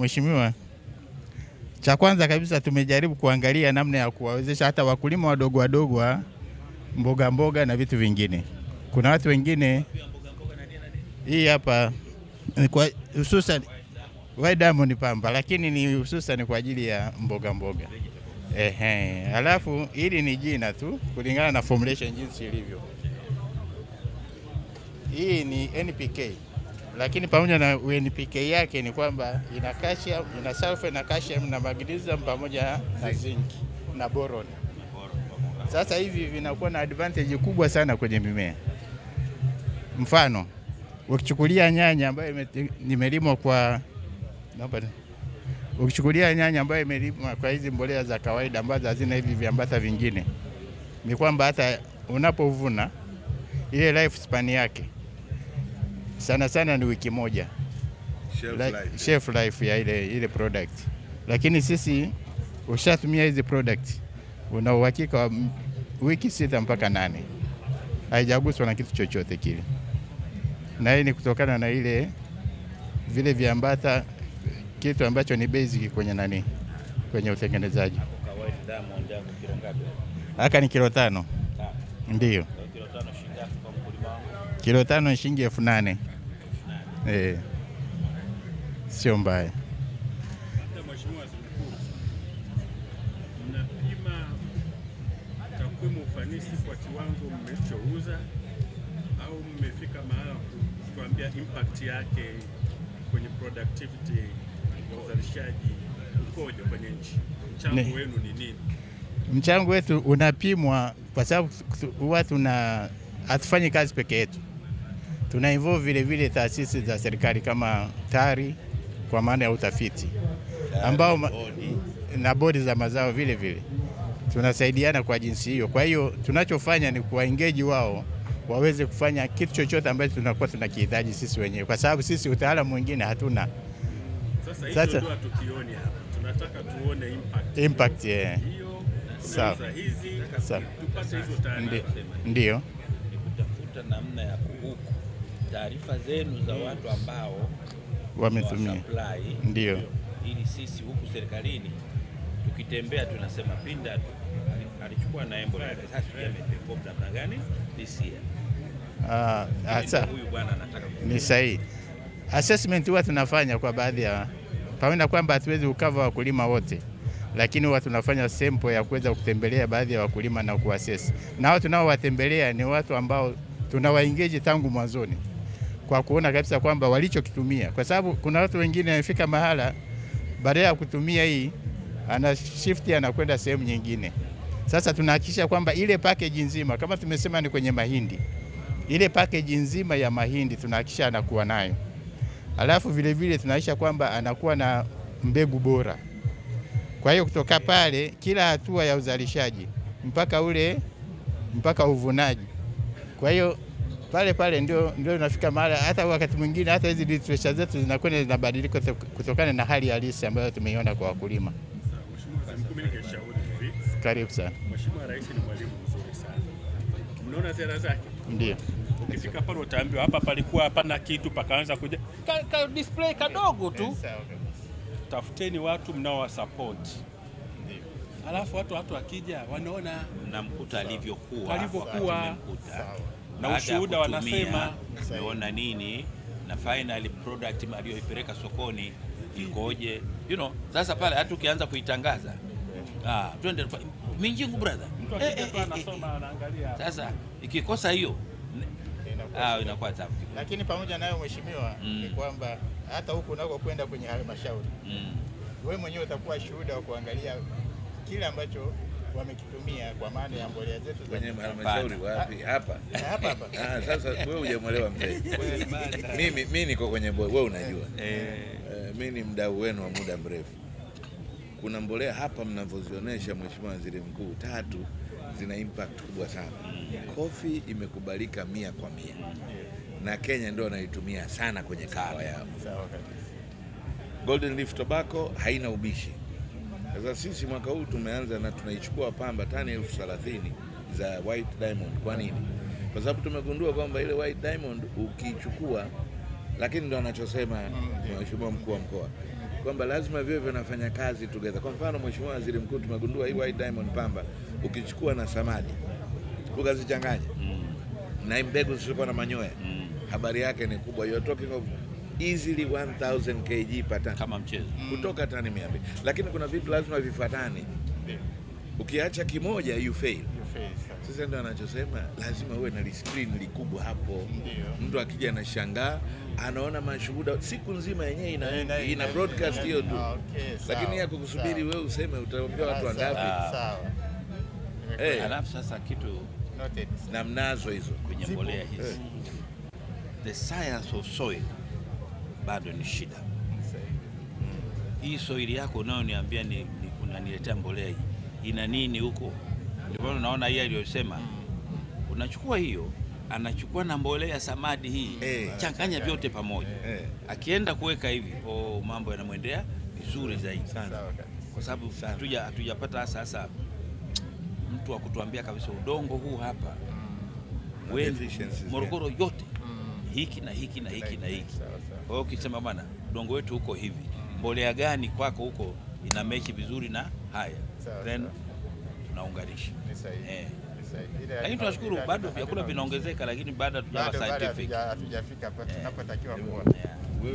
Mheshimiwa, cha kwanza kabisa tumejaribu kuangalia namna ya kuwawezesha hata wakulima wadogo wadogo wa mboga mboga na vitu vingine. Kuna watu wengine hii hapa hususan White Diamond pamba, lakini ni hususan kwa ajili ya mboga mboga. Ehe, alafu hili ni jina tu kulingana na formulation jinsi ilivyo. Hii ni NPK lakini pamoja na UNPK yake ni kwamba ina calcium, ina sulfur na calcium na magnesium pamoja na zinc na boron. Sasa hivi vinakuwa na advantage kubwa sana kwenye mimea. Mfano, ukichukulia nyanya ambayo imelimwa kwa ukichukulia nyanya ambayo imelimwa kwa hizi mbolea za kawaida ambazo hazina hivi viambata vingine, ni kwamba hata unapovuna ile life span yake sana sana ni wiki moja shelf life, eh. shelf life ya ile, ile product, lakini sisi ushatumia hizi product una uhakika wa wiki sita mpaka nane haijaguswa na kitu chochote kile, na hii ni kutokana na ile vile viambata, kitu ambacho ni basic kwenye nani, kwenye utengenezaji. Haka ni kilo tano, ndio kilo tano shilingi elfu nane eh, sio mbaya. Labda Mheshimiwa Waziri Mkuu, mnapima takwimu ufanisi kwa kiwango mmechouza au mmefika mahala kutuambia impact yake kwenye productivity ya uzalishaji ukoje kwenye nchi? Mchango wenu ni nini? Mchango wetu unapimwa kwa sababu huwa tuna hatufanyi kazi peke yetu Tuna involve vile vile taasisi za serikali kama TARI kwa maana ya utafiti ambao na bodi za mazao vile vile tunasaidiana kwa jinsi hiyo. Kwa hiyo tunachofanya ni kuwaengeji wao waweze kufanya kitu chochote ambacho tunakuwa tunakihitaji sisi wenyewe, kwa sababu sisi utaalamu mwingine hatuna. Sasa, sasa tukioni hapa tunataka tuone impact, impact yeah. Sawa, ndiyo namna ya kuhuku taarifa zenu za watu ambao wametumia, ndio ili sisi huku serikalini tukitembea tunasema Pinda alichukua na embo namna gani this year. Ah, asa huyu bwana anataka ni sahihi. Assessment huwa tunafanya kwa baadhi ya pamoja na kwamba hatuwezi ukava wakulima wote, lakini huwa tunafanya sempo ya kuweza kutembelea baadhi ya wakulima na kuassess, na watu nao watembelea ni watu ambao tunawaengage tangu mwanzoni kwa kuona kabisa kwamba walichokitumia, kwa sababu kuna watu wengine wamefika mahala baada ya kutumia hii ana shift anakwenda sehemu nyingine. Sasa tunahakikisha kwamba ile package nzima kama tumesema ni kwenye mahindi, ile package nzima ya mahindi tunahakikisha anakuwa nayo, alafu vilevile tunahakikisha kwamba anakuwa na mbegu bora. Kwa hiyo kutoka pale, kila hatua ya uzalishaji mpaka ule mpaka uvunaji, kwa hiyo pale pale ndio, ndio inafika mara hata wakati mwingine hata hizi literature zetu zinakwenda zinabadilika kutokana na hali halisi ambayo tumeiona kwa wakulima. Karibu sana. Mheshimiwa Rais ni mwalimu mzuri sana, mnaona sera zake ndio ukifika pale utaambiwa hapa palikuwa hapana kitu pakaanza kuja ka, ka display kadogo tu. Tafuteni watu mnaowasapoti, alafu watu watu wakija wanaona namkuta alivyokuwa alivyokuwa na ushuhuda wanasema meona nini na final product aliyoipeleka sokoni ikoje, you know. Sasa pale hata ukianza kuitangaza ah, twende Minjingu brother, eh, eh, eh, anasoma eh, eh. anaangalia. Sasa ikikosa hiyo ah, inakuwa tabu. Lakini pamoja nayo mheshimiwa, mm. ni kwamba hata huku unakokwenda kwenye halmashauri mm. wewe mwenyewe utakuwa shuhuda wa kuangalia kile ambacho wamekitumia kwa maana ya mbolea zetu kwenye halmashauri. Wapi? Ah, eh, hapa hapa. Ah, sasa wewe hujamwelewa mzee. Mimi mimi niko kwenye wewe, unajua eh. Eh, mimi ni mdau wenu wa muda mrefu. Kuna mbolea hapa mnavyozionyesha, Mheshimiwa Waziri Mkuu, tatu zina impact kubwa sana. Kofi imekubalika mia kwa mia na Kenya ndio wanaitumia sana kwenye kahawa yao. Golden Leaf Tobacco haina ubishi sasa sisi mwaka huu tumeanza na tunaichukua pamba tani elfu thelathini za white diamond. Kwa nini? Kwa sababu tumegundua kwamba ile white diamond ukichukua, lakini ndo anachosema mm, mheshimiwa mkuu wa mkoa kwamba lazima viwe vinafanya kazi together. Kwa mfano, mheshimiwa waziri mkuu, tumegundua hii white diamond pamba ukichukua na samadi ukazichanganya mm. na mbegu zisizokuwa na manyoya mm. habari yake ni kubwa. You are talking of easily 1000 kg per ton kama mchezo mm. kutoka tani 200, lakini kuna vitu lazima vifatane. Ukiacha kimoja you fail. Sasa ndio anachosema, lazima uwe na screen likubwa hapo. Mtu akija anashangaa, anaona mashuhuda siku nzima yenyewe ina, ina broadcast hiyo tu, okay, lakini ya kukusubiri wewe useme utaambia watu ah, wangapi? Hey. Eh. Alafu sasa kitu na mnazo hizo kwenye mbolea hizi, eh. the science of soil bado ni shida hmm. hii. Soili yako unayoniambia ni, ni unaniletea mbolea hii ina nini huko? Ndio maana unaona hii aliyosema, unachukua hiyo, anachukua na mbolea samadi hii hey, eh. changanya vyote pamoja hey, eh. akienda kuweka hivi, oh, mambo yanamwendea vizuri zaidi sana, kwa sababu hatuja hatujapata sasa mtu wa kutuambia kabisa udongo huu hapa hmm. Morogoro yote hmm. hiki na hiki na hiki na hiki kwa hiyo ukisema bwana, udongo wetu huko hivi, mbolea gani kwako huko ina mechi vizuri na haya, then tunaunganisha eh. Lakini tunashukuru bado vyakula vinaongezeka, lakini bado hatujafika eh. tunapotakiwa kuona.